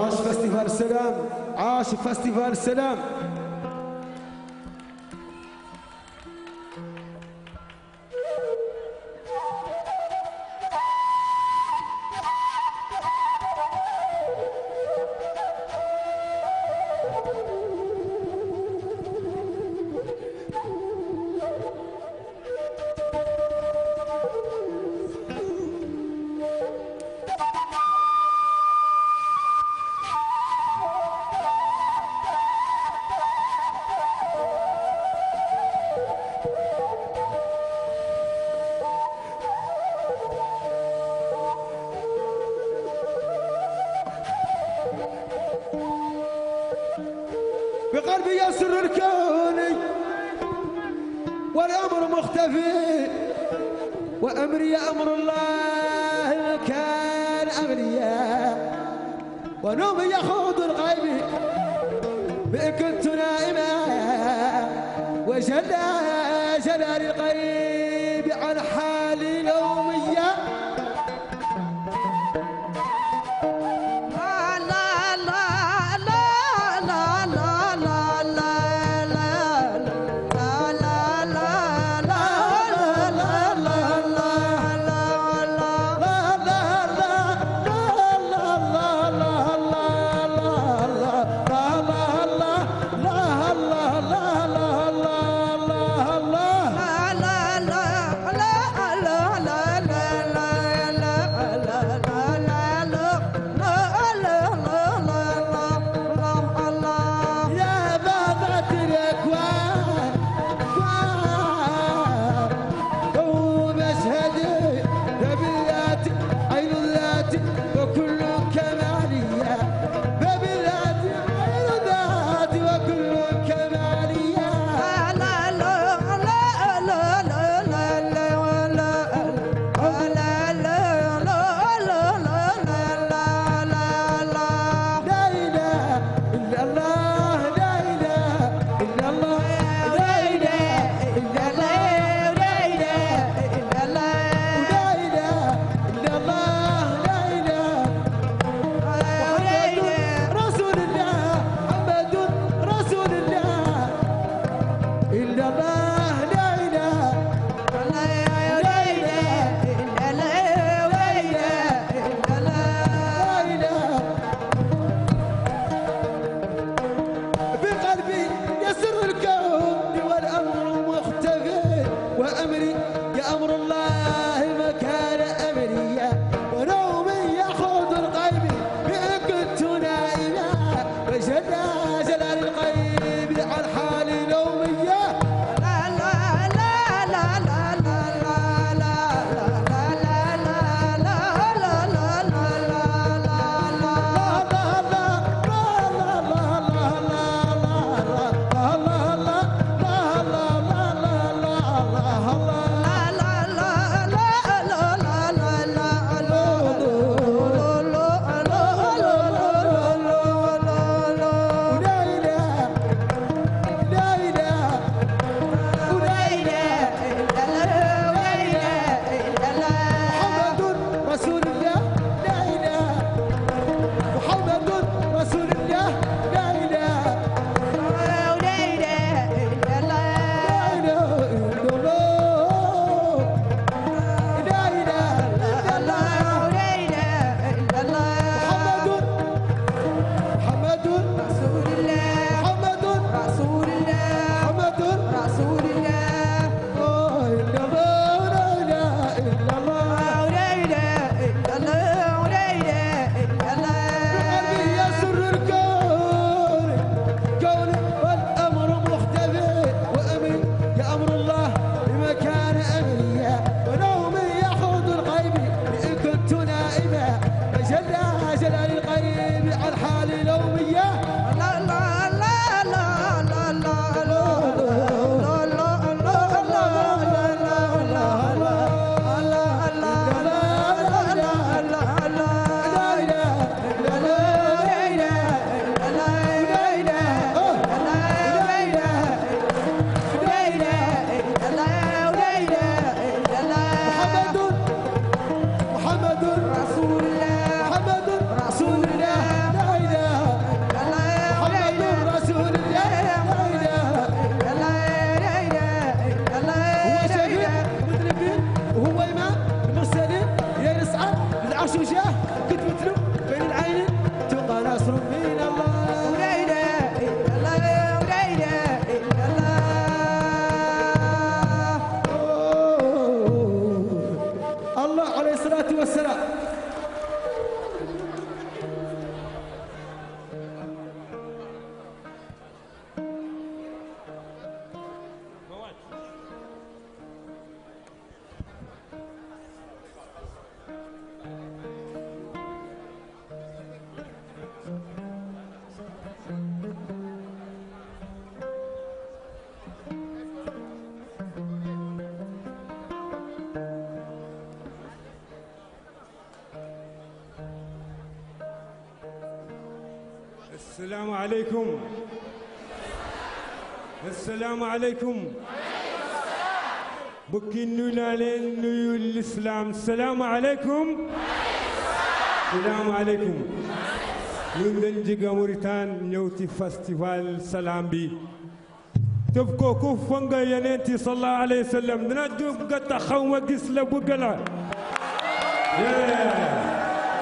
عاش فيستيفال السلام عاش فيستيفال السلام أمر الله كان أمريا ونوم يخوض الغيب إن كنت نائما وجلى جلال الغيب عن حال السلام عليكم السلام عليكم bokki nuyu naa leen nuyu lislaam salaamaaleykum salaamaaleykum ñu ngi leen jóge Mauritanie ñëw ci festival salaam bi def ko ku fanga yonent bi sallallahu alayhi wa sallam dina jóg nga taxaw ma gis la bëgg la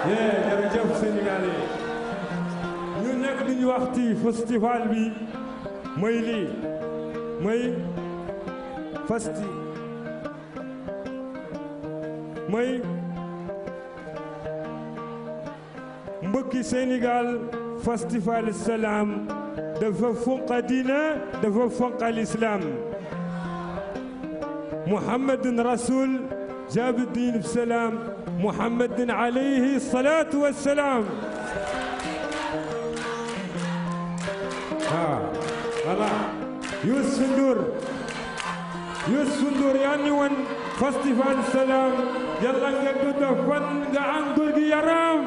jërëjëf Sénégalais di wax ci festival bi mooy lii mooy fasti mooy mbokki Sénégal festival salaam dafa fonka diina dafa fonka lislaam muhammadun rasul jaabi diin bi salaam muhammadun alayhi salaatu wassalaam waaw voilà Youssou Ndour Youssou Ndour yaa ni woon fasti salaam yàlla nga dund nga am gi yaram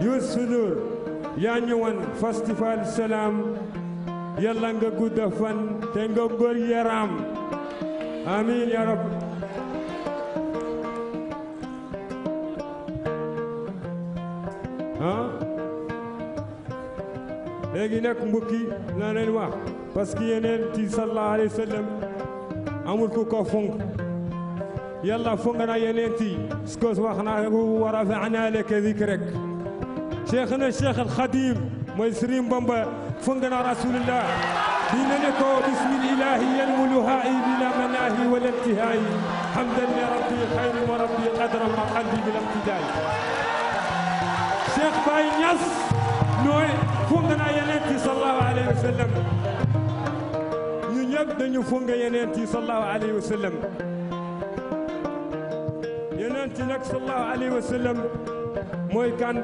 Youssou Ndour yaa ñu woon fasti salaam yàlla nga gudd fan te nga góor amiin ya rab léegi nag mbokk yi naa leen parce que yeneen ci sallallahu alayhi wa sallam amul ku ko fonk na yeneen ci su ko wax naa ko wa rafa'naa laka zikrak cheikh na cheikh al xadim mooy Bamba fonk na rasulillah dina ne ko bismil ilahi yanmuluhaayi bila manaahi wala intihaayi hamdan li rabbi xayri wa rabbi qadra ma qalbi bil ibtidaay cheikh Baye Niass ñooy fungana yeneen ci sallallahu alayhi wa sallam ñu ñëpp dañu funga yeneen ci sallallahu alayhi wa sallam yeneen ci nag sallallahu alayhi wa sallam mooy kan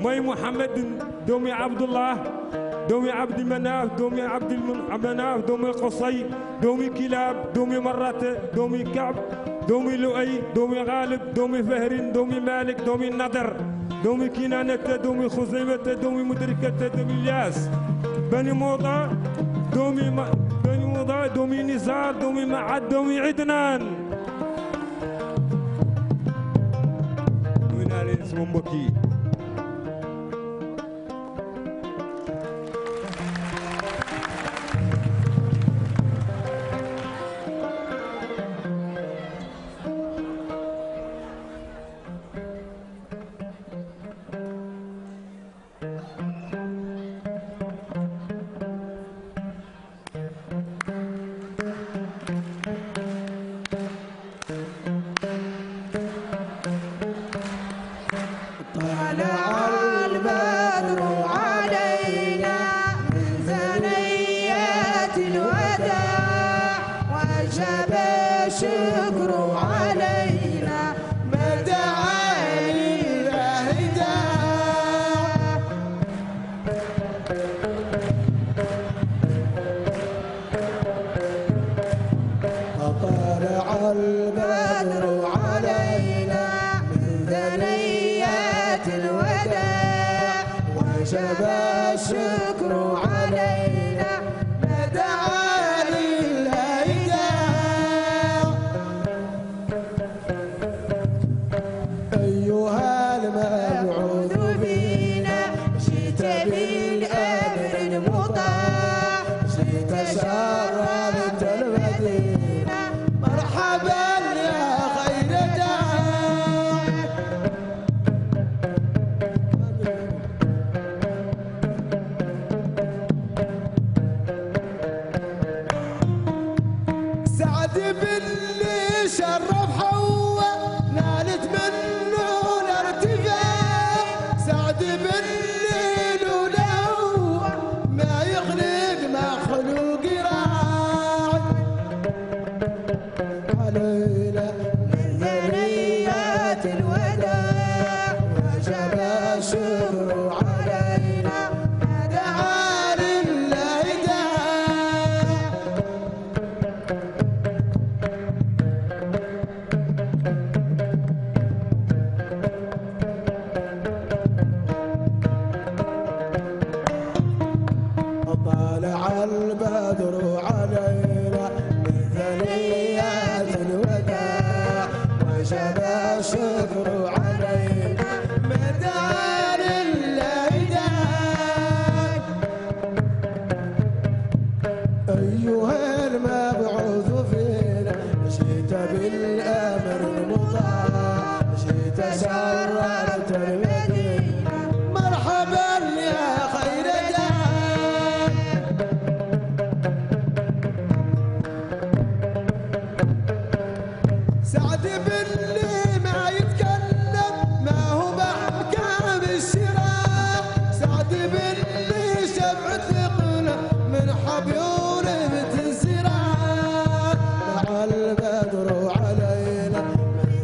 mooy Muhammad doomi Abdullah doomi Abdi Manaaf doomi Abdi Manaaf doomi Qusay doomi Kilaab doomi Marrate doomi Kaab doomi Lu'ay doomi Xaalib doomi Fahrin doomi Malik doomi Nadar doomi Kinaanata doomi Xusaymata doomi Mudrikata doomi Ilyaas bani Muuda doomi bani Muuda doomi Nisaar doomi Maad doomi Idnaan nuyu naa leen sama mbokk yi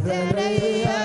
Nazareth.